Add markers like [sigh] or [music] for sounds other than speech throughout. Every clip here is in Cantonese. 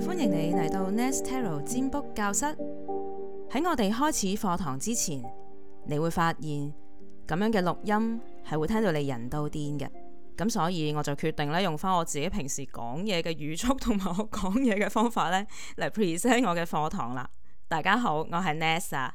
歡迎你嚟到 Nesta Tarot 佔卜教室。喺我哋開始課堂之前，你會發現咁樣嘅錄音係會聽到你人到癲嘅。咁所以我就決定咧用返我自己平時講嘢嘅語速同埋我講嘢嘅方法咧嚟 present 我嘅課堂啦。大家好，我係 Nesta 啊。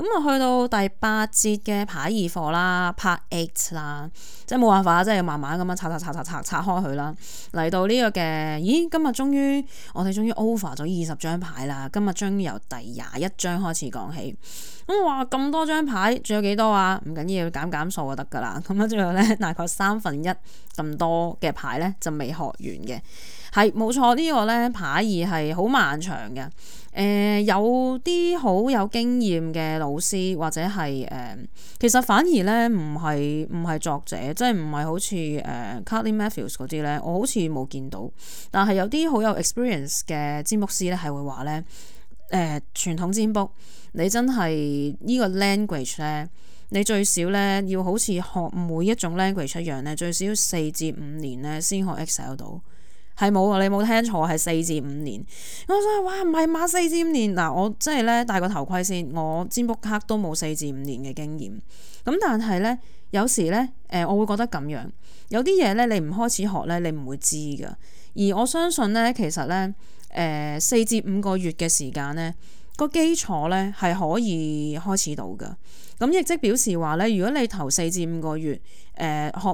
咁啊，去到第八節嘅牌二課啦，Part Eight 啦，即係冇辦法，即係慢慢咁樣拆拆拆拆拆拆拆拆開佢啦。嚟到呢個嘅，咦，今日終於我哋終於 over 咗二十張牌啦。今日終於由第廿一張開始講起。咁我話咁多張牌仲有幾多啊？唔緊要，減減數就得噶啦。咁啊，最後咧，大概三分一咁多嘅牌咧就未學完嘅。係冇錯，錯，這個、呢個咧，牌二係好漫長嘅。誒、呃，有啲好有經驗嘅老師或者係誒、呃，其實反而咧唔係唔係作者，即係唔係好似誒 Cuddy Matthews 嗰啲咧。我好似冇見到，但係有啲好有 experience 嘅占卜師咧，係會話咧，誒，傳統占卜你真係呢個 language 咧，你最少咧要好似學每一種 language 一樣咧，最少四至五年咧先學 excel 到。係冇啊！你冇聽錯，係四至五年。我想話唔係嘛四至五年嗱，我真係咧戴個頭盔先，我占卜卡都冇四至五年嘅經驗。咁但係咧，有時咧，誒、呃、我會覺得咁樣，有啲嘢咧你唔開始學咧，你唔會知噶。而我相信咧，其實咧，誒四至五個月嘅時間咧，個基礎咧係可以開始到噶。咁亦即表示話咧，如果你頭四至五個月，誒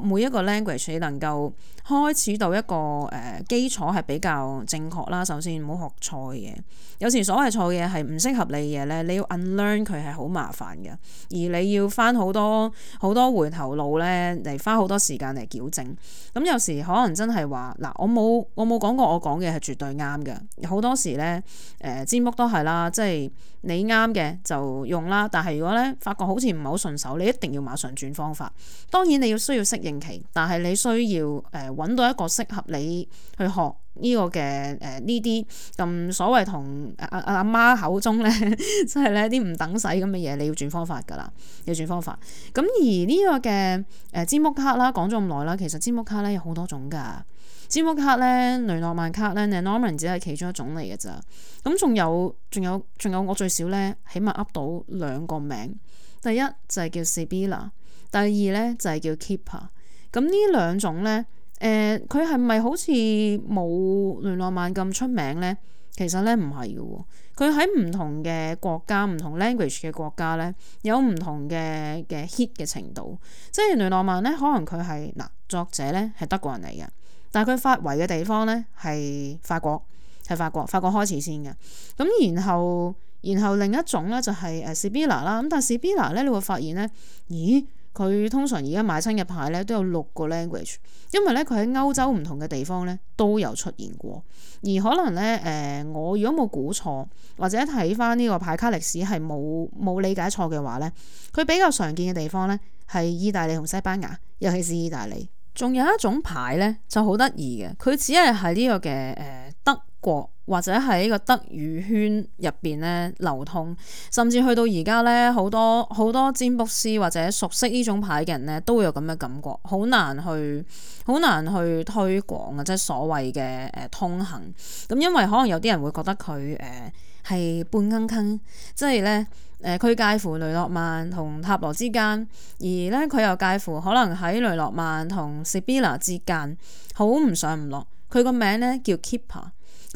學每一個 language，你能夠開始到一個誒基礎係比較正確啦。首先唔好學錯嘢，有時所謂錯嘢係唔適合你嘅嘢咧，你要 unlearn 佢係好麻煩嘅，而你要翻好多好多回頭路咧嚟，花好多時間嚟矯正。咁有時可能真係話嗱，我冇我冇講過，我講嘅係絕對啱嘅。好多時咧誒 Facebook 都係啦，即係你啱嘅就用啦。但係如果咧發覺好似唔係好順手，你一定要馬上轉方法。當然你要。需要適應期，但係你需要誒揾、呃、到一個適合你去學呢個嘅誒呢啲咁所謂同阿阿阿媽口中咧，即係咧啲唔等使咁嘅嘢，你要轉方法噶啦，要轉方法。咁而呢個嘅誒占卜卡啦，呃 G、card，講咗咁耐啦，其實占卜卡咧有好多種噶，占卜卡咧雷諾曼卡咧 Lenormand 只係其中一種嚟嘅咋。咁仲有仲有仲有，有有我最少咧，起碼噏到兩個名，第一就係叫 Sibilla 第二咧就係、是、叫 Keeper 咁、嗯、呢兩種咧，誒佢係咪好似冇《雷諾曼》咁出名咧？其實咧唔係嘅，佢喺唔同嘅國家、唔同 language 嘅國家咧，有唔同嘅嘅 hit 嘅程度。即係《雷諾曼》咧，可能佢係嗱作者咧係德國人嚟嘅，但係佢發圍嘅地方咧係法國，係法國法國開始先嘅。咁然後然後另一種咧就係、是、誒 Sibila 啦，咁但係 Sibila 咧，你會發現咧，咦？佢通常而家買親嘅牌咧，都有六個 language，因為咧佢喺歐洲唔同嘅地方咧都有出現過，而可能咧誒、呃，我如果冇估錯，或者睇翻呢個牌卡歷史係冇冇理解錯嘅話咧，佢比較常見嘅地方咧係意大利同西班牙，尤其是意大利。仲有一種牌咧就好得意嘅，佢只係喺呢個嘅誒、呃、德國。或者喺呢個德語圈入邊咧流通，甚至去到而家咧，好多好多占卜師或者熟悉呢種牌嘅人咧，都會有咁嘅感覺，好難去好難去推廣嘅，即係所謂嘅誒、呃、通行。咁因為可能有啲人會覺得佢誒係半坑坑，即係咧誒佢介乎雷諾曼同塔羅之間，而咧佢又介乎可能喺雷諾曼同 Sibila 之間，好唔上唔落。佢個名咧叫 Kipper。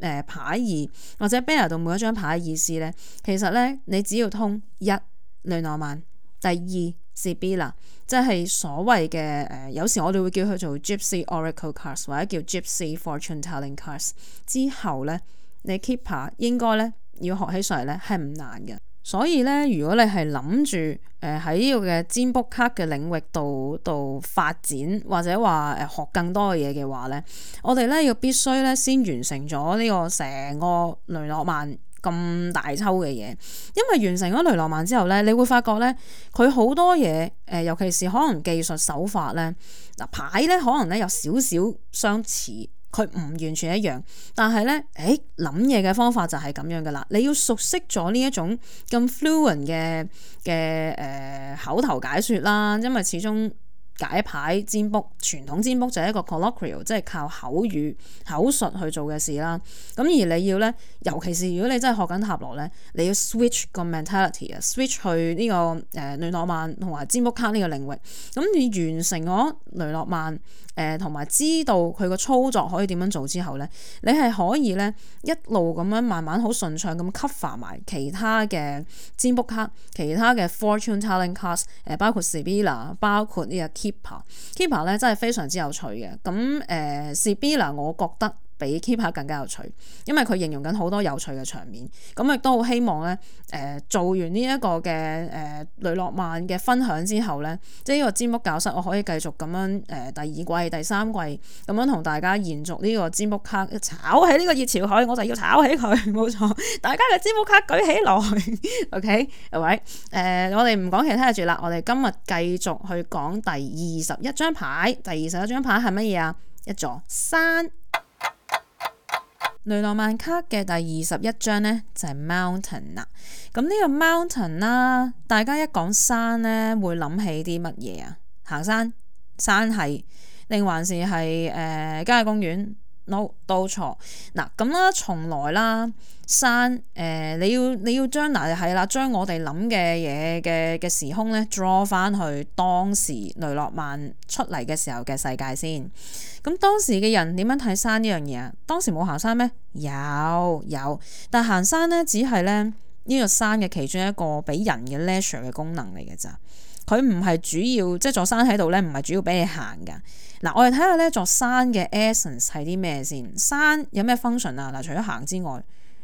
誒牌二或者 bella 度每一張牌嘅意思咧，其實咧你只要通一雷諾曼，第二係 Sibilla 即係所謂嘅誒、呃，有時我哋會叫佢做 Gypsy Oracle Cards 或者叫 Gypsy Fortune Telling Cards。之後咧，你 keeper 應該咧要學起上嚟咧係唔難嘅。所以咧，如果你係諗住誒喺呢個嘅占卜卡嘅領域度度發展，或者話誒學更多嘅嘢嘅話咧，我哋咧要必須咧先完成咗呢個成個雷諾曼咁大抽嘅嘢，因為完成咗雷諾曼之後咧，你會發覺咧佢好多嘢誒，尤其是可能技術手法咧嗱牌咧可能咧有少少相似。佢唔完全一樣，但係咧，誒諗嘢嘅方法就係咁樣㗎喇。你要熟悉咗呢一種咁 fluent 嘅嘅誒、呃、口頭解說啦，因為始終。解牌、占卜，傳統占卜就係一個 colloquial，即係靠口語、口述去做嘅事啦。咁而你要咧，尤其是如果你真係學緊塔羅咧，你要 switch 個 mentality 啊，switch 去呢、呢個誒、呃、雷諾曼同埋占卜卡呢個領域。咁你完成咗雷諾曼誒，同、呃、埋知道佢個操作可以點樣做之後咧，你係可以咧一路咁樣慢慢好順暢咁 cover 埋其他嘅占卜卡、其他嘅 fortune telling cards，誒、呃、包括 Sibilla 包括呢、呢個。keeper keeper 咧真係非常之有趣嘅，咁誒是 be 啦，我覺得。比 keep 下、er、更加有趣，因為佢形容緊好多有趣嘅場面，咁亦都好希望呢，誒、呃、做完呢一個嘅誒、呃、雷諾曼嘅分享之後呢，即係呢個占卜教室，我可以繼續咁樣誒、呃、第二季、第三季咁樣同大家延續呢個占卜卡炒起呢個熱潮海，我就要炒起佢，冇錯，大家嘅占卜卡舉起來 [laughs] ，OK 喂，誒，我哋唔講其他嘅住啦，我哋今日繼續去講第二十一張牌，第二十一張牌係乜嘢啊？一座山。《雷諾曼卡》嘅第二十一章呢，就係、是、Mountain 啦，咁、這、呢個 Mountain 啦，大家一講山呢，會諗起啲乜嘢啊？行山、山係，定還是係誒，郊野公園？no，到、no，錯嗱咁啦，從來啦，山誒、呃，你要你要將嗱係啦，將我哋諗嘅嘢嘅嘅時空咧，draw 翻去當時雷諾曼出嚟嘅時候嘅世界先。咁當時嘅人點樣睇山呢樣嘢啊？當時冇行山咩？有有，但行山咧，只係咧呢個山嘅其中一個俾人嘅 leisure 嘅功能嚟嘅咋。佢唔係主要，即係座山喺度咧，唔係主要俾你行㗎。嗱、啊，我哋睇下呢座山嘅 essence 係啲咩先。山有咩 function 啊？嗱，除咗行之外，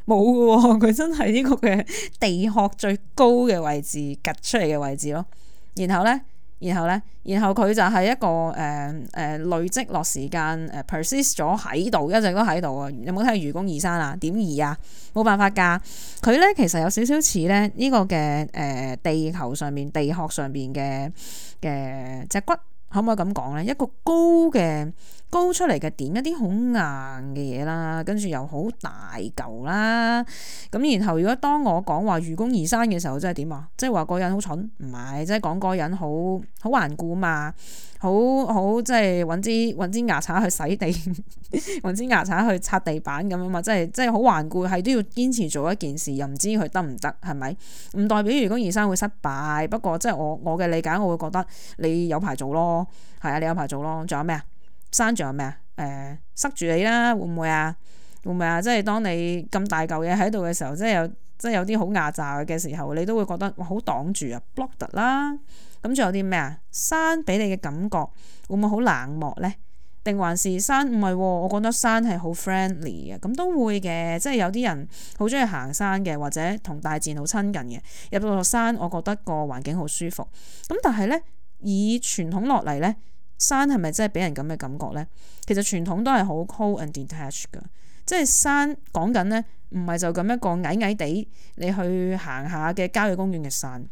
冇嘅喎。佢真係呢個嘅地殼最高嘅位置，凸出嚟嘅位置咯。然後咧，然後咧，然後佢就係一個誒誒、呃呃、累積落時間誒、呃、persist 咗喺度，一直都喺度啊！有冇睇愚公移山啊？點移啊？冇辦法㗎。佢咧其實有少少似咧呢個嘅誒、呃、地球上面地殼上邊嘅嘅隻骨。可唔可以咁講咧？一個高嘅。高出嚟嘅點一啲好硬嘅嘢啦，跟住又好大嚿啦。咁然後，如果當我講話愚公移山嘅時候，真係點啊？即係話個人好蠢？唔係，即係講個人好好頑固嘛，好好即係揾支揾支牙刷去洗地，揾 [laughs] 支牙刷去擦地板咁啊嘛，即係即係好頑固，係都要堅持做一件事，又唔知佢得唔得係咪？唔代表愚公移山會失敗，不過即係我我嘅理解，我會覺得你有排做咯，係啊，你有排做咯。仲有咩啊？山仲有咩啊？誒、呃、塞住你啦，會唔會啊？會唔會啊？即係當你咁大嚿嘢喺度嘅時候，即係有即係有啲好壓榨嘅時候，你都會覺得哇，好擋住啊，block 得啦。咁仲有啲咩啊？山俾你嘅感覺會唔會好冷漠呢？定還是山唔係、啊？我覺得山係好 friendly 嘅，咁都會嘅，即係有啲人好中意行山嘅，或者同大自然好親近嘅，入到座山，我覺得個環境好舒服。咁但係呢，以傳統落嚟呢。山係咪真係俾人咁嘅感覺咧？其實傳統都係好 cold and detached 㗎，即係山講緊咧，唔係就咁一個矮矮地你去行下嘅郊野公園嘅山，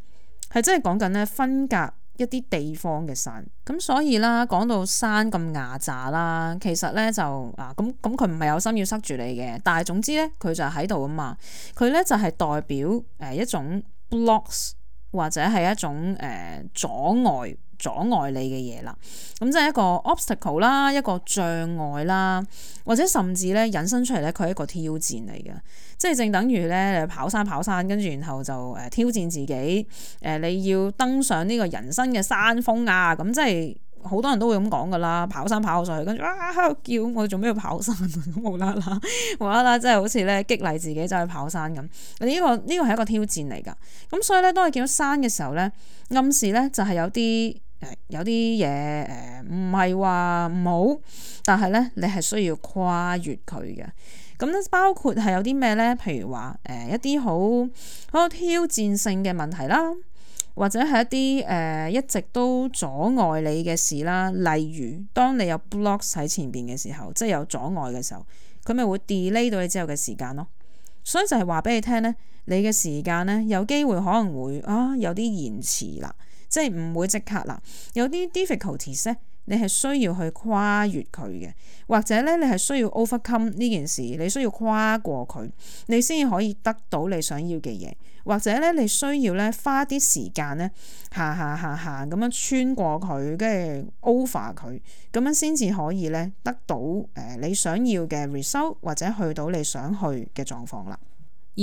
係真係講緊咧分隔一啲地方嘅山。咁、嗯、所以啦，講到山咁牙咋啦，其實咧就啊咁咁佢唔係有心要塞住你嘅，但係總之咧佢就喺度啊嘛。佢咧就係、是、代表誒、呃、一種 blocks 或者係一種誒、呃、阻礙。阻礙你嘅嘢啦，咁即係一個 obstacle 啦，一個障礙啦，或者甚至咧引申出嚟咧，佢係一個挑戰嚟嘅，即係正等於咧跑山跑山，跟住然後就誒挑戰自己誒、呃，你要登上呢個人生嘅山峰啊！咁即係好多人都會咁講噶啦，跑山跑上去，跟住啊喺度叫我做咩要跑山啊？無啦啦無啦啦，即係好似咧激勵自己走去跑山咁。呢、呢個呢、呢個係一個挑戰嚟㗎，咁所以咧當你見到山嘅時候咧，暗示咧就係有啲。有啲嘢誒唔係話唔好，但係咧你係需要跨越佢嘅。咁、嗯、咧包括係有啲咩咧？譬如話誒、呃、一啲好好挑戰性嘅問題啦，或者係一啲誒、呃、一直都阻礙你嘅事啦。例如當你有 blocks 喺前邊嘅時候，即係有阻礙嘅時候，佢咪會 delay 到你之後嘅時間咯。所以就係話俾你聽咧，你嘅時間咧有機會可能會啊有啲延遲啦。即係唔會即刻啦，有啲 difficulties 咧，你係需要去跨越佢嘅，或者咧你係需要 overcome 呢件事，你需要跨過佢，你先至可以得到你想要嘅嘢，或者咧你需要咧花啲時間咧，行行行行咁樣穿過佢，跟住 over 佢，咁樣先至可以咧得到誒你想要嘅 result 或者去到你想去嘅狀況啦。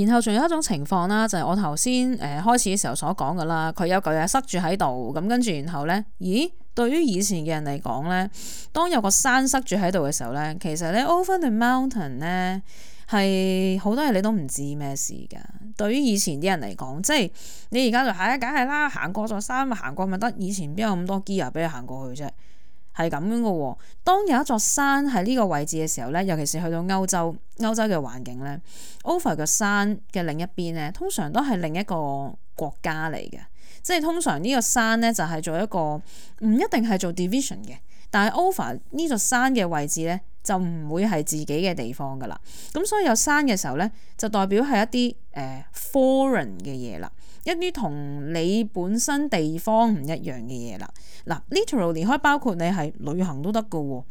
然後仲有一種情況啦，就係、是、我頭先誒開始嘅時候所講噶啦，佢有嚿嘢塞住喺度，咁跟住然後呢，咦？對於以前嘅人嚟講呢，當有個山塞住喺度嘅時候呢，其實呢 over the mountain 呢係好多嘢你都唔知咩事噶。對於以前啲人嚟講，即係你而家就係、是、啊，梗係啦，行過座山咪行過咪得，以前邊有咁多 gear 俾你行過去啫。係咁樣嘅喎、哦，當有一座山喺呢個位置嘅時候咧，尤其是去到歐洲，歐洲嘅環境咧，over 嘅山嘅另一邊咧，通常都係另一個國家嚟嘅，即係通常呢個山咧就係做一個唔一定係做 division 嘅，但係 over 呢座山嘅位置咧就唔會係自己嘅地方噶啦，咁所以有山嘅時候咧就代表係一啲誒、呃、foreign 嘅嘢啦。一啲同你本身地方唔一樣嘅嘢啦，嗱 literal 離開，包括你係旅行都得㗎喎，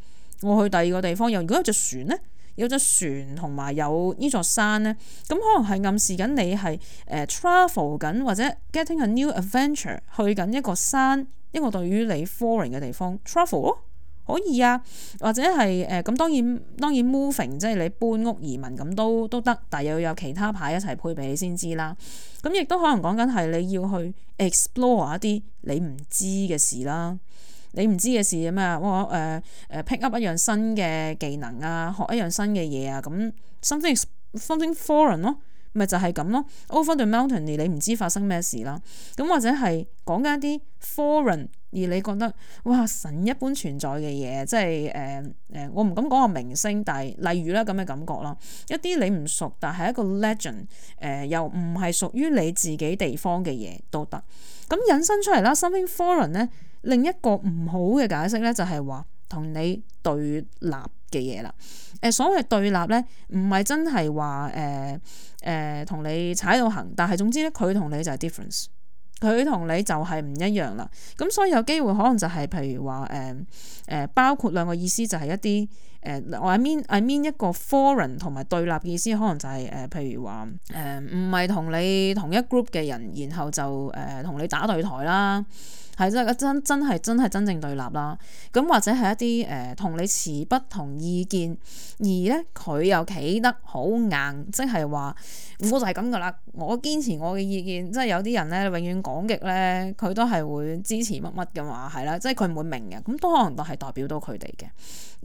我去第二個地方又如果有隻船呢，有隻船同埋有呢座山呢，咁、嗯、可能係暗示緊你係誒、呃、travel 緊或者 getting a new adventure 去緊一個山一個對於你 foreign 嘅地方 travel。Tra 可以啊，或者係誒咁當然當然 moving 即係你搬屋移民咁都都得，但係要有其他牌一齊配備你先知啦。咁、嗯、亦都可能講緊係你要去 explore 一啲你唔知嘅事啦，你唔知嘅事咩？哇誒誒 pick up 一樣新嘅技能啊，學一樣新嘅嘢啊，咁 something something foreign 咯、啊，咪就係咁咯。Over the mountain 你唔知發生咩事啦，咁、嗯、或者係講緊一啲 foreign。而你覺得哇神一般存在嘅嘢，即係誒誒，我唔敢講個明星，但係例如啦咁嘅感覺咯，一啲你唔熟但係一個 legend，誒、呃、又唔係屬於你自己地方嘅嘢都得。咁引申出嚟啦，something foreign 咧，另一個唔好嘅解釋咧就係話同你對立嘅嘢啦。誒、呃、所謂對立咧，唔係真係話誒誒同你踩到行，但係總之咧佢同你就係 difference。佢同你就係唔一樣啦，咁所以有機會可能就係譬如話誒誒，包括兩個意思就係一啲。誒，我係 mean，I mean 一個 foreign 同埋對立嘅意思，可能就係誒，譬如話誒，唔係同你同一 group 嘅人，然後就誒同你打對台啦，係真係真係真係真正對立啦。咁或者係一啲誒同你持不同意見，而咧佢又企得好硬，即係話我就係咁噶啦，我堅持我嘅意見，即係有啲人咧，永遠講極咧，佢都係會支持乜乜嘅話，係啦，即係佢唔會明嘅。咁都可能都係代表到佢哋嘅。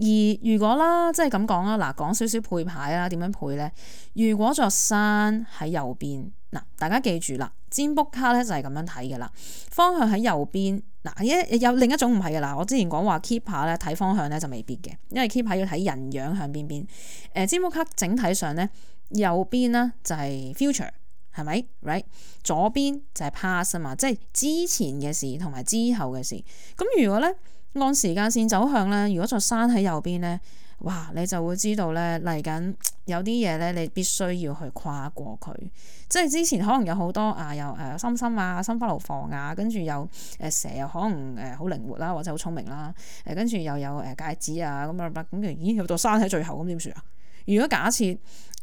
而如果好啦，即係咁講啦，嗱，講少少配牌啦，點樣配呢？如果座山喺右邊，嗱，大家記住啦，占卜卡咧就係咁樣睇噶啦，方向喺右邊，嗱，一有另一種唔係噶啦，我之前講話 keep 卡咧睇方向咧就未必嘅，因為 keep 卡要睇人樣向邊邊。誒，占卜卡整體上呢，右邊呢就係 future，係咪？Right，左邊就係 past 啊嘛，即係之前嘅事同埋之後嘅事。咁如果呢？按時間線走向咧，如果座山喺右邊咧，哇，你就會知道咧嚟緊有啲嘢咧，你必須要去跨過佢。即係之前可能有好多啊，又誒、啊，心心啊，心花怒放啊，跟住又誒蛇又可能誒好靈活啦，或者好聰明啦，誒跟住又有誒戒指啊咁啊，咁其咦，咦，咦，咦有座山喺最後咁點算啊？如果假設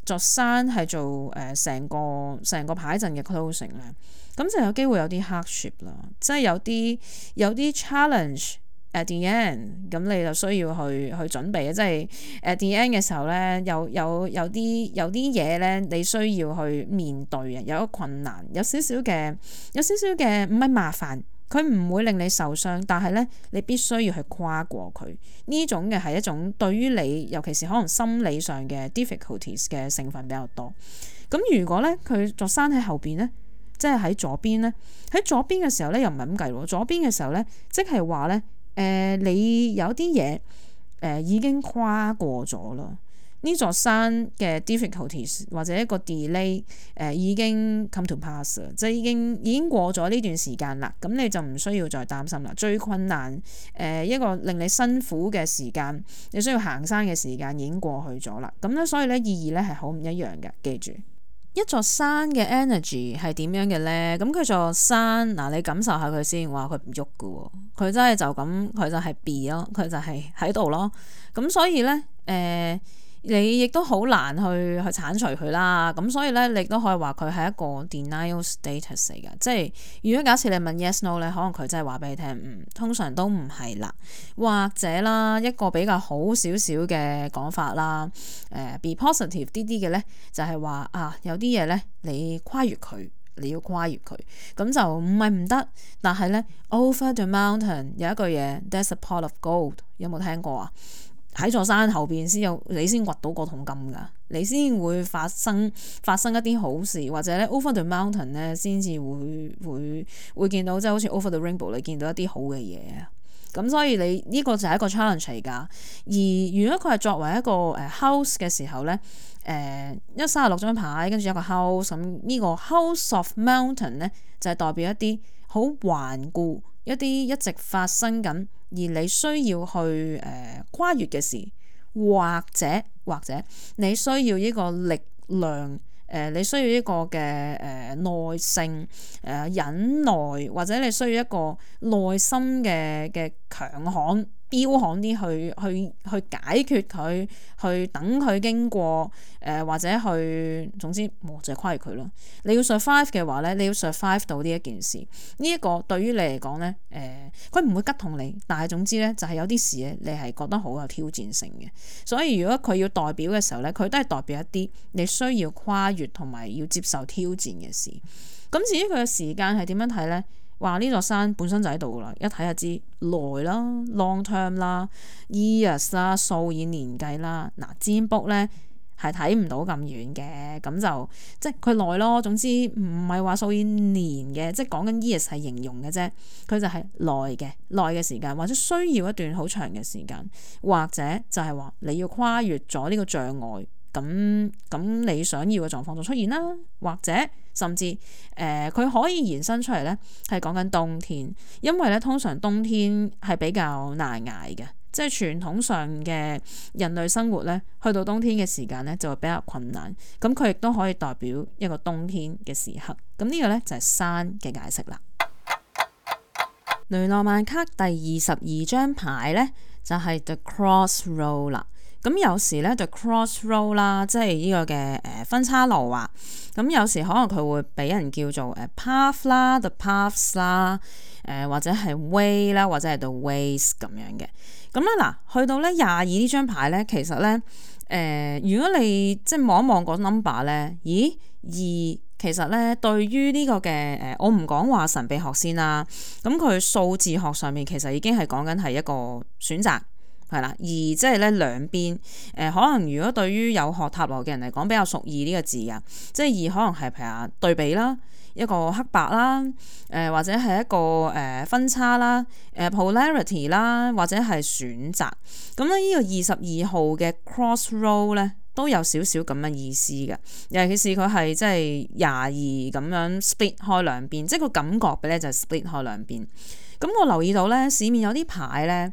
座山係做誒成個成個牌陣嘅 closing 咧，咁就有機會有啲 hardship 啦，即係有啲有啲 challenge。誒，電影咁你就需要去去準備嘅，即係誒，電影嘅時候咧，有有有啲有啲嘢咧，你需要去面對嘅，有一個困難，有少少嘅有少少嘅唔係麻煩，佢唔會令你受傷，但係咧，你必須要去跨過佢。呢種嘅係一種對於你，尤其是可能心理上嘅 difficulties 嘅成分比較多。咁、嗯、如果咧，佢座山喺後邊咧，即係喺左邊咧，喺左邊嘅時候咧，又唔係咁計咯左邊嘅時候咧，即係話咧。誒、呃，你有啲嘢誒已經跨過咗啦。呢座山嘅 difficulties 或者一個 delay 誒、呃、已經 come to pass 啦，即係已經已經過咗呢段時間啦。咁你就唔需要再擔心啦。最困難誒、呃、一個令你辛苦嘅時間，你需要行山嘅時間已經過去咗啦。咁咧，所以咧，意義咧係好唔一樣嘅，記住。一座山嘅 energy 係點樣嘅咧？咁佢座山嗱，你感受下佢先。話佢唔喐㗎喎，佢真係就咁，佢就係 B 咯，佢就係喺度咯。咁所以咧，誒、呃。你亦都好難去去剷除佢啦，咁所以咧，你都可以話佢係一個 denial status 嚟嘅。即係如果假設你問 yes no 咧，可能佢真係話俾你聽，唔、嗯、通常都唔係啦。或者啦，一個比較好少少嘅講法啦，誒、呃、be positive 啲啲嘅咧，就係、是、話啊，有啲嘢咧，你跨越佢，你要跨越佢，咁就唔係唔得。但係咧，over the mountain 有一句嘢 There's a pot of gold，有冇聽過啊？喺座山後邊先有你先掘到個桶金㗎，你先會發生發生一啲好事，或者咧 over the mountain 咧先至會會會見到即係、就是、好似 over the rainbow 你見到一啲好嘅嘢啊，咁所以你呢、這個就係一個 challenge 嚟㗎。而如果佢係作為一個誒 house 嘅時候咧，誒一三十六張牌跟住一個 house，咁呢個 house of mountain 咧就係代表一啲好頑固。一啲一直發生緊，而你需要去誒呃、跨越嘅事，或者或者你需要呢個力量，誒、呃、你需要呢個嘅誒、呃、耐性，誒、呃、忍耐，或者你需要一個內心嘅嘅強悍。彪悍啲去去去解決佢，去等佢經過誒、呃，或者去總之磨就係、跨越佢咯。你要 survive 嘅話咧，你要 survive 到呢一件事呢一、呢個對於你嚟講咧誒，佢、呃、唔會拮痛你，但係總之咧就係有啲事咧你係覺得好有挑戰性嘅。所以如果佢要代表嘅時候咧，佢都係代表一啲你需要跨越同埋要接受挑戰嘅事。咁至於佢嘅時間係點樣睇咧？話呢座山本身就喺度啦，一睇就知耐啦，long term 啦，years 啦，數以年計啦。嗱，占卜咧係睇唔到咁遠嘅，咁就即係佢耐咯。總之唔係話數以年嘅，即係講緊 years 係形容嘅啫。佢就係耐嘅，耐嘅時間或者需要一段好長嘅時間，或者就係話你要跨越咗呢個障礙。咁咁，你想要嘅狀況就出現啦，或者甚至誒，佢、呃、可以延伸出嚟呢，係講緊冬天，因為呢，通常冬天係比較難捱嘅，即係傳統上嘅人類生活呢，去到冬天嘅時間呢，就會比較困難。咁佢亦都可以代表一個冬天嘅時刻。咁、這、呢個呢，就係、是、山嘅解釋啦。雷諾曼卡第二十二張牌呢，就係、是、The Crossroad 啦、er,。咁有時咧，就 crossroad 啦，即係呢個嘅誒分岔路啊。咁有時可能佢會俾人叫做誒 path 啦，the paths 啦，誒或者係 way 啦，或者係 way, the ways 咁樣嘅。咁咧嗱，去、啊、到咧廿二呢張牌咧，其實咧誒、呃，如果你即係望一望個 number 咧，咦二，其實咧對於呢個嘅誒、呃，我唔講話神秘學先啦。咁佢數字學上面其實已經係講緊係一個選擇。係啦，二即係咧兩邊，誒、呃、可能如果對於有學塔羅嘅人嚟講，比較熟意呢個字啊，即係二可能係譬如話對比啦，一個黑白啦，誒、呃、或者係一個誒、呃、分叉啦，誒、呃、polarity 啦，或者係選擇。咁咧呢個二十二號嘅 crossroad 咧都有少少咁嘅意思嘅，尤其是佢係即係廿二咁樣 split 開兩邊，即係個感覺咧就係 split 開兩邊。咁我留意到咧，市面有啲牌咧，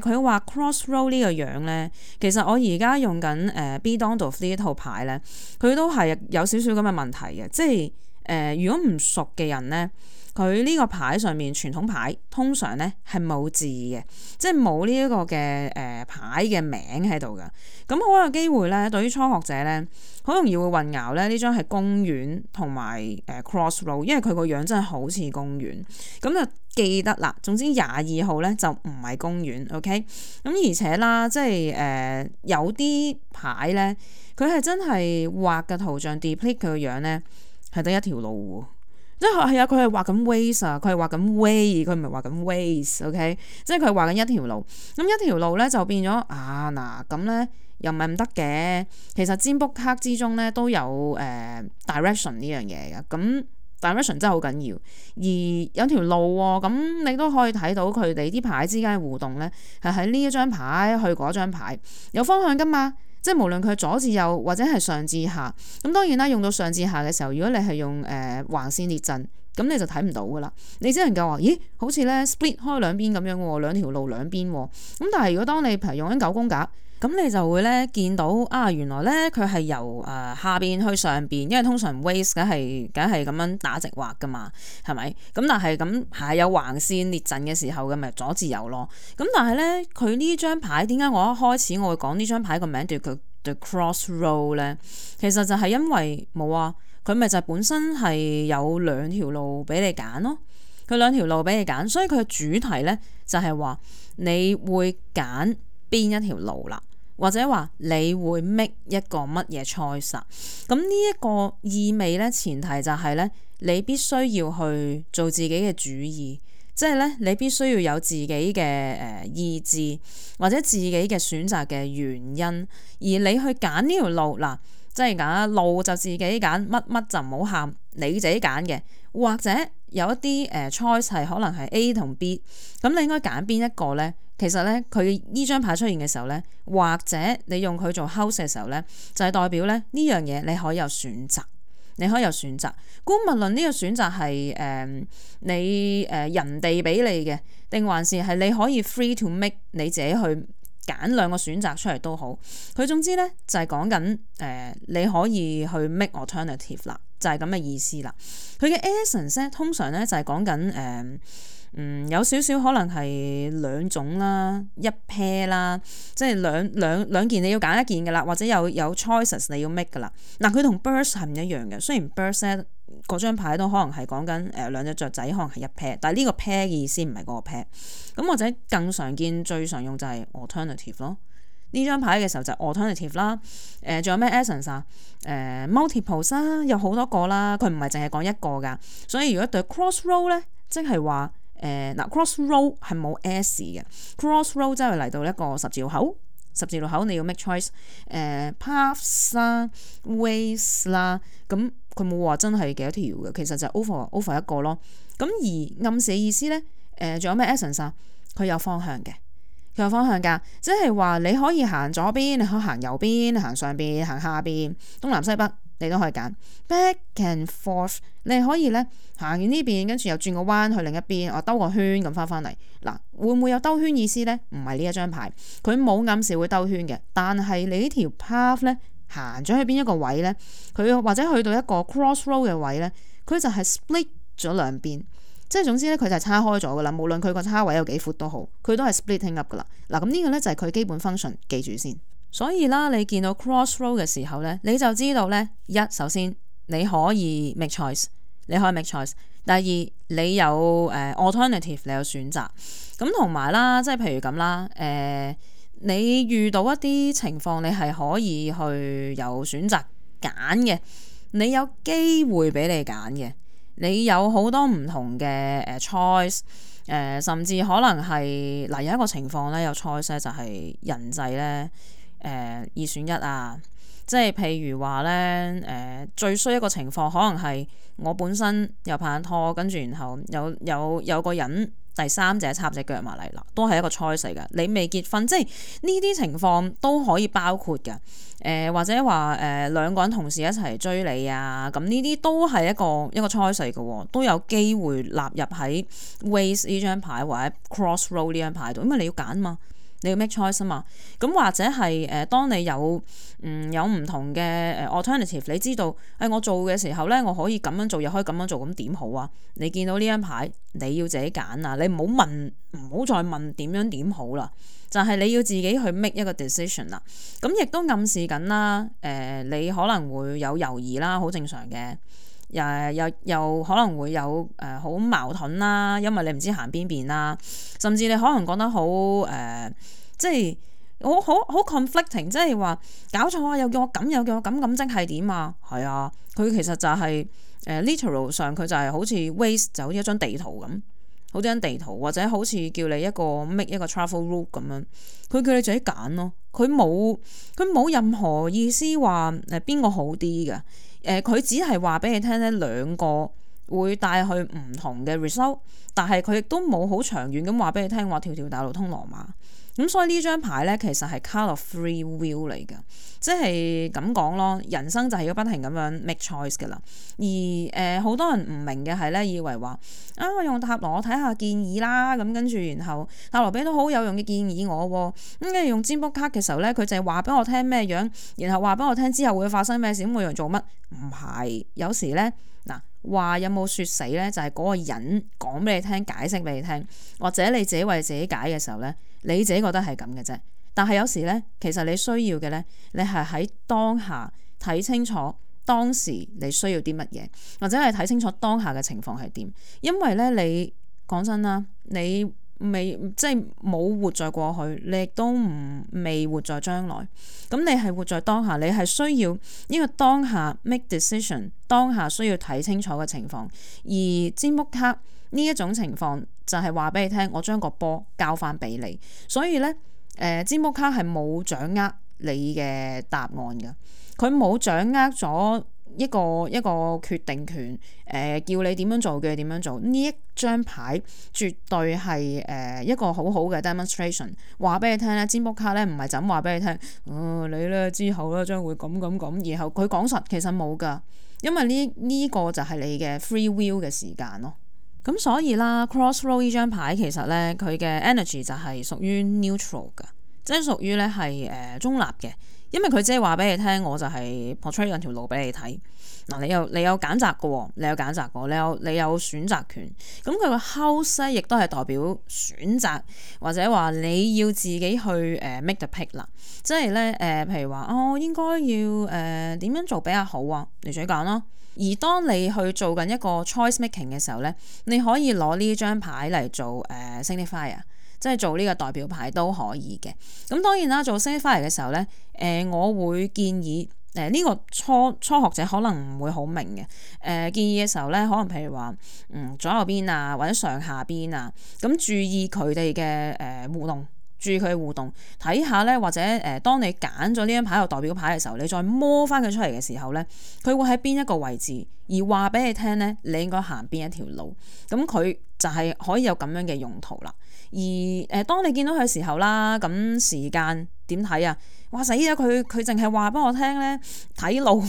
誒佢話 cross road 呢個樣咧，其實我而家用緊誒、呃、be down to 呢一套牌咧，佢都係有少少咁嘅問題嘅，即係誒、呃、如果唔熟嘅人咧，佢呢個牌上面傳統牌通常咧係冇字嘅，即係冇呢一個嘅誒、呃、牌嘅名喺度㗎，咁好有機會咧，對於初學者咧，好容易會混淆咧，呢張係公園同埋誒 cross road，因為佢個樣真係好似公園，咁就。記得啦，總之廿二號咧就唔係公園，OK。咁而且啦，即係誒、呃、有啲牌咧，佢係真係畫嘅圖像 deplete 佢個樣咧，係得一，哎啊 okay? 一條路。即係係啊，佢係畫緊 ways 啊，佢係畫緊 way，佢唔係畫緊 ways，OK。即係佢係畫緊一條路。咁一條路咧就變咗啊嗱，咁咧又唔係唔得嘅。其實占卜黑之中咧都有誒、呃、direction 呢樣嘢嘅，咁、啊。Direction 真係好緊要，而有條路喎，咁你都可以睇到佢哋啲牌之間嘅互動咧，係喺呢一張牌去嗰張牌，有方向噶嘛，即係無論佢係左至右或者係上至下，咁當然啦，用到上至下嘅時候，如果你係用誒、呃、橫線列陣，咁你就睇唔到噶啦，你只能夠話，咦，好似咧 split 開兩邊咁樣喎，兩條路兩邊喎，咁但係如果當你譬如用緊九宮格。咁你就會咧見到啊，原來咧佢係由誒、呃、下邊去上邊，因為通常 waves 梗係梗係咁樣打直劃噶嘛，係咪？咁但係咁係有橫線列陣嘅時候嘅咪左至右咯。咁、就是、但係咧佢呢張牌點解我一開始我會講呢張牌個名叫佢叫 Cross Road 咧？其實就係因為冇啊，佢咪就本身係有兩條路俾你揀咯。佢兩條路俾你揀，所以佢嘅主題咧就係、是、話你會揀邊一條路啦。或者話你會 make 一個乜嘢菜式，咁呢一個意味咧，前提就係咧，你必須要去做自己嘅主意，即係咧，你必須要有自己嘅誒意志，或者自己嘅選擇嘅原因，而你去揀呢條路嗱，即係揀一路就自己揀，乜乜就唔好喊，你自己揀嘅。或者有一啲誒 c h 可能係 A 同 B，咁你應該揀邊一個咧？其實咧，佢呢張牌出現嘅時候咧，或者你用佢做 house 嘅時候咧，就係、是、代表咧呢樣嘢你可以有選擇，你可以有選擇。孤物論呢個選擇係誒、呃、你誒、呃、人哋俾你嘅，定還是係你可以 free to make 你自己去揀兩個選擇出嚟都好。佢總之咧就係講緊誒你可以去 make alternative 啦。就係咁嘅意思啦。佢嘅 essence 通常咧就係講緊誒，嗯，有少少可能係兩種啦，一 pair 啦，即係兩兩兩件你要揀一件嘅啦，或者有有 choices 你要 make 嘅啦。嗱、呃，佢同 birds 係唔一樣嘅。雖然 birds 咧嗰張牌都可能係講緊誒兩隻雀仔可能係一 pair，但係呢個 pair 嘅意思唔係個 pair。咁或者更常見、最常用就係 alternative 咯。呢張牌嘅時候就係 alternative 啦，誒、呃、仲有咩 essence 啊、呃，誒 multiple 啦，有好多個啦，佢唔係淨係講一個㗎。所以如果對 crossroad 咧，即係話誒嗱、呃、crossroad 係冇 s 嘅，crossroad 即係嚟到一個十字路口，十字路口你要 make choice，誒、呃、paths 啦，ways 啦，咁佢冇話真係幾多條嘅，其實就 over over 一個咯。咁而暗示意思咧，誒、呃、仲有咩 essence 啊？佢有方向嘅。方向㗎，即係話你可以行左邊，你可以行右邊，行上邊，行下邊，東南西北你都可以揀。Back and forth，你可以咧行完呢邊，跟住又轉個彎去另一邊，我兜個圈咁翻返嚟。嗱，會唔會有兜圈意思咧？唔係呢一張牌，佢冇暗示會兜圈嘅。但係你呢條 path 咧，行咗去邊一個位咧，佢或者去到一個 crossroad 嘅位咧，佢就係 split 咗兩邊。即係總之咧，佢就係叉開咗噶啦，無論佢個叉位有幾闊都好，佢都係 splitting up 噶啦。嗱，咁、這、呢個咧就係佢基本 function，記住先。所以啦，你見到 crossroad 嘅時候咧，你就知道咧，一、首先你可以 make choice，你可以 make choice。第二，你有誒 alternative，你有選擇。咁同埋啦，即係譬如咁啦，誒、呃，你遇到一啲情況，你係可以去有選擇揀嘅，你有機會俾你揀嘅。你有好多唔同嘅誒 choice，誒、呃、甚至可能係嗱、呃、有一個情況咧有 choice 咧就係人際咧誒二選一啊，即係譬如話咧誒最衰一個情況可能係我本身又拍拖，跟住然後有有有個人。第三者插隻腳埋嚟嗱，都係一個 choice 嚟嘅。你未結婚，即係呢啲情況都可以包括嘅。誒、呃、或者話誒、呃、兩個人同時一齊追你啊，咁呢啲都係一個一個 choice 嚟嘅，都有機會納入喺 Ways 呢張牌或者 cross road 呢張牌度，因為你要揀嘛。你要 make choice 啊嘛，咁或者係誒，當你有嗯有唔同嘅誒 alternative，你知道，誒、哎、我做嘅時候咧，我可以咁樣做，又可以咁樣做，咁點好啊？你見到呢一排，你要自己揀啊，你唔好問，唔好再問點樣點好啦，就係、是、你要自己去 make 一個 decision 啦。咁、啊、亦都暗示緊啦，誒、啊、你可能會有猶豫啦，好正常嘅。又又又可能會有誒、呃、好矛盾啦，因為你唔知行邊邊啦，甚至你可能講得好誒、呃，即係我好好，好 conflicting，即係話搞錯啊，又叫我咁，又叫我咁咁，即係點啊？係啊，佢其實就係、是、誒、呃、literal 上，佢就係好似 waste 就好似一張地圖咁，好似張地圖，或者好似叫你一個 make 一個 travel route 咁樣，佢叫你自己揀咯，佢冇佢冇任何意思話誒邊個好啲㗎。誒佢、呃、只係話俾你聽咧，兩個會帶去唔同嘅 result，但係佢亦都冇好長遠咁話俾你聽，話條條大路通羅馬。咁、嗯、所以呢張牌咧，其實係 card of free will 嚟嘅，即係咁講咯，人生就係要不停咁樣 make choice 嘅啦。而誒，好、呃、多人唔明嘅係咧，以為話啊，我用塔羅我睇下建議啦，咁跟住然後塔羅俾都好有用嘅建議我喎、啊。跟、嗯、住用占卜卡嘅時候咧，佢就係話俾我聽咩樣，然後話俾我聽之後會發生咩事。咁我用做乜？唔係，有時咧。嗱，話有冇説死呢？就係、是、嗰個人講俾你聽，解釋俾你聽，或者你自己為自己解嘅時候呢，你自己覺得係咁嘅啫。但係有時呢，其實你需要嘅呢，你係喺當下睇清楚當時你需要啲乜嘢，或者係睇清楚當下嘅情況係點。因為呢，你講真啦，你。未即係冇活在過去，你亦都唔未活在將來。咁你係活在當下，你係需要呢個當下 make decision，當下需要睇清楚嘅情況。而詹木卡呢一種情況就係話俾你聽，我將個波交返俾你。所以咧，誒詹木卡係冇掌握你嘅答案嘅，佢冇掌握咗。一個一個決定權，誒、呃、叫你點樣做嘅點樣做，呢一張牌絕對係誒、呃、一個好好嘅 demonstration，話俾你聽咧，占卜卡咧唔係就咁話俾你聽，哦、呃、你咧之後咧將會咁咁咁，然後佢講實其實冇噶，因為呢呢、這個就係你嘅 free will 嘅時間咯，咁所以啦，crossroad 呢張牌其實咧佢嘅 energy 就係屬於 neutral 噶，即係屬於咧係誒中立嘅。因為佢即係話俾你聽，我就係鋪出兩條路俾你睇。嗱，你有你有揀擇嘅，你有揀擇嘅，你有揀擇，你有你有選擇權。咁佢個後西亦都係代表選擇，或者話你要自己去誒 make the pick 啦。即係咧誒，譬如話哦，應該要誒點、呃、樣做比較好啊？你想己講咯。而當你去做緊一個 choice making 嘅時候咧，你可以攞呢張牌嚟做誒、呃、signifier 即係做呢個代表牌都可以嘅。咁當然啦，做升翻嚟嘅時候咧，誒、呃，我會建議誒呢、呃這個初初學者可能唔會好明嘅誒、呃、建議嘅時候咧，可能譬如話嗯左右邊啊，或者上下邊啊，咁注意佢哋嘅誒互動，注意佢嘅互動，睇下咧，或者誒、呃，當你揀咗呢張牌做代表牌嘅時候，你再摸翻佢出嚟嘅時候咧，佢會喺邊一個位置而話俾你聽咧，你應該行邊一條路咁，佢就係可以有咁樣嘅用途啦。而誒、呃，當你見到佢嘅時候啦，咁時間點睇啊？哇，死咗佢，佢淨係話俾我聽咧，睇路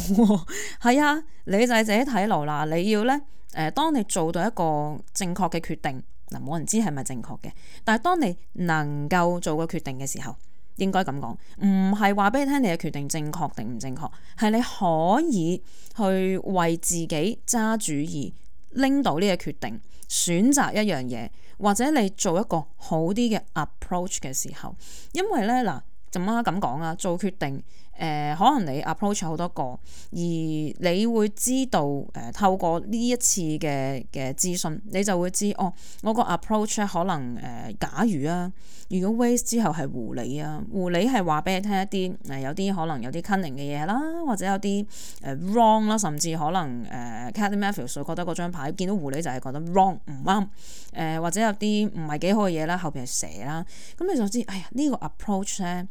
係啊， [laughs] 啊，你就係自己睇路啦。你要咧誒、呃，當你做到一個正確嘅決定嗱，冇人知係咪正確嘅。但係當你能夠做個決定嘅時候，應該咁講，唔係話俾你聽，你嘅決定正確定唔正確，係你可以去為自己揸主意，拎到呢個決定，選擇一樣嘢。或者你做一個好啲嘅 approach 嘅時候，因為咧嗱，就啱啱咁講啊，做決定。誒、呃、可能你 approach 好多個，而你會知道誒、呃、透過呢一次嘅嘅資訊，你就會知哦，我個 approach 咧可能誒、呃，假如啊，如果 ways 之後係狐狸啊，狐狸係話俾你聽一啲誒、呃，有啲可能有啲 cunning 嘅嘢啦，或者有啲誒、呃、wrong 啦，甚至可能誒、呃、Cathy Matthews 覺得嗰張牌見到狐狸就係覺得 wrong 唔啱，誒、呃、或者有啲唔係幾好嘅嘢啦，後邊係蛇啦，咁你就知哎呀、呃這個、呢個 approach 咧。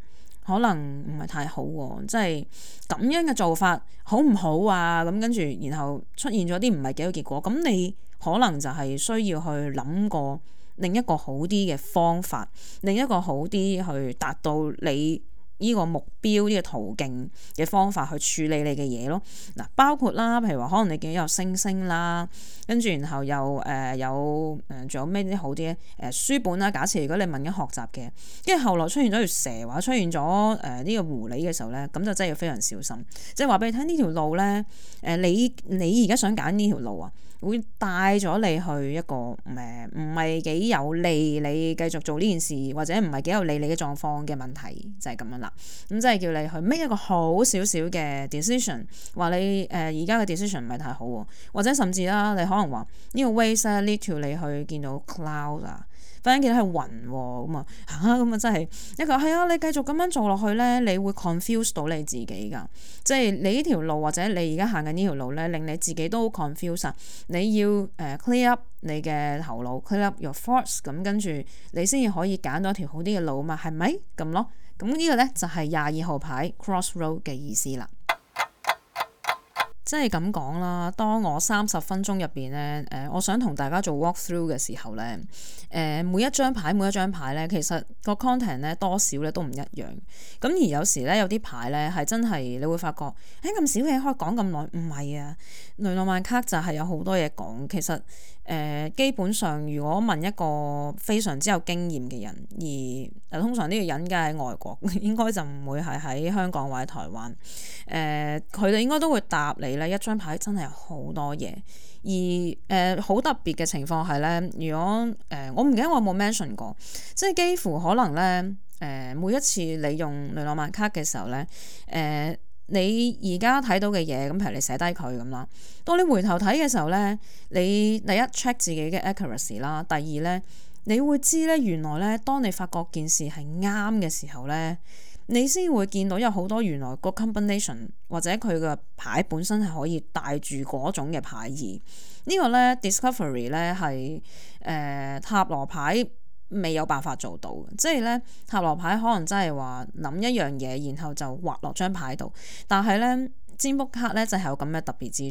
可能唔係太好啊，即係咁樣嘅做法好唔好啊？咁跟住，然後出現咗啲唔係幾好結果，咁你可能就係需要去諗過另一個好啲嘅方法，另一個好啲去達到你。呢個目標、呢、呢個途徑嘅方法去處理你嘅嘢咯。嗱，包括啦，譬如話可能你見到有星星啦，跟住然後又誒、呃呃、有誒仲有咩啲好啲咧？誒、呃、書本啦，假設如果你問緊學習嘅，跟住後，後來出現咗條蛇話出現咗誒呢個狐狸嘅時候咧，咁就真係要非常小心。即係話俾你聽，條呢條路咧，誒、呃、你你而家想揀呢條路啊？會帶咗你去一個誒唔係幾有利你繼續做呢件事，或者唔係幾有利你嘅狀況嘅問題，就係、是、咁樣啦。咁、嗯、即係叫你去 make 一個好少少嘅 decision，話你誒而、呃、家嘅 decision 唔係太好喎，或者甚至啦，你可能話呢、這個 ways lead to 你去見到 cloud 啊。反正見到係暈喎，咁啊吓，咁啊真係一個係啊！你繼續咁樣做落去咧，你會 confuse 到你自己㗎。即係你呢條路或者你而家行緊呢條路咧，令你自己都好 confuse。你要誒、呃、clear up 你嘅頭腦，clear up your force。咁跟住你先至可以揀到條好啲嘅路嘛，係咪咁咯？咁呢個咧就係廿二號牌 crossroad 嘅意思啦。即係咁講啦，當我三十分鐘入邊咧，誒、呃，我想同大家做 walkthrough 嘅時候咧，誒、呃，每一張牌，每一張牌咧，其實個 content 咧多少咧都唔一樣。咁而有時咧，有啲牌咧係真係你會發覺，誒，咁少嘢可以講咁耐，唔係啊，雷諾曼卡就係有好多嘢講，其實。誒、呃，基本上如果問一個非常之有經驗嘅人，而誒通常呢個人梗係外國，應該就唔會係喺香港或者台灣。誒、呃，佢哋應該都會答你咧，一張牌真係好多嘢。而誒好、呃、特別嘅情況係咧，如果誒、呃、我唔記得我有冇 mention 過，即係幾乎可能咧，誒、呃、每一次你用雷諾曼卡嘅時候咧，誒、呃。你而家睇到嘅嘢，咁譬如你寫低佢咁啦。當你回頭睇嘅時候咧，你第一 check 自己嘅 accuracy 啦，第二咧，你會知咧原來咧，當你發覺件事係啱嘅時候咧，你先會見到有好多原來個 combination 或者佢嘅牌本身係可以帶住嗰種嘅牌意，呢個咧 discovery 咧係誒塔羅牌。未有辦法做到，即係咧，塔羅牌可能真係話諗一樣嘢，然後就畫落張牌度。但係咧，占卜卡咧就係有咁嘅特別之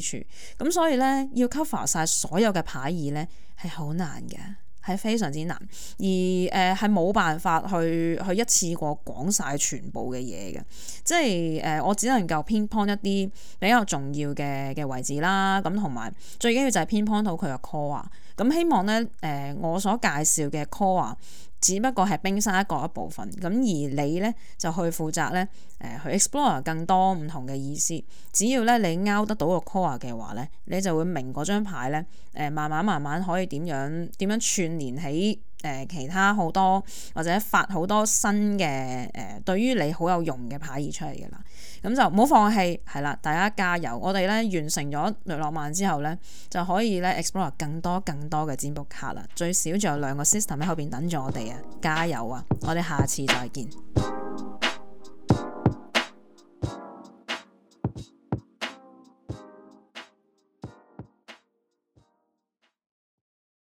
處，咁所以咧要 cover 晒所有嘅牌意咧係好難嘅，係非常之難。而誒係冇辦法去去一次過講晒全部嘅嘢嘅，即係誒、呃、我只能夠偏 point 一啲比較重要嘅嘅位置啦。咁同埋最緊要就係偏 point 到佢嘅 call 啊！咁希望咧，誒、呃、我所介紹嘅 core 啊，只不過係冰山一角，一部分，咁而你咧就去負責咧，誒、呃、去 explore 更多唔同嘅意思。只要咧你勾得到個 core 嘅話咧，你就會明嗰張牌咧，誒、呃、慢慢慢慢可以點樣點樣串連起。誒、呃、其他好多或者發好多新嘅誒、呃呃，對於你好有用嘅牌而出嚟嘅啦，咁就唔好放棄，係啦，大家加油！我哋咧完成咗雷諾曼之後咧，就可以咧 explore 更多更多嘅占卜卡啦。最少仲有兩個 system 喺後邊等住我哋啊！加油啊！我哋下次再見。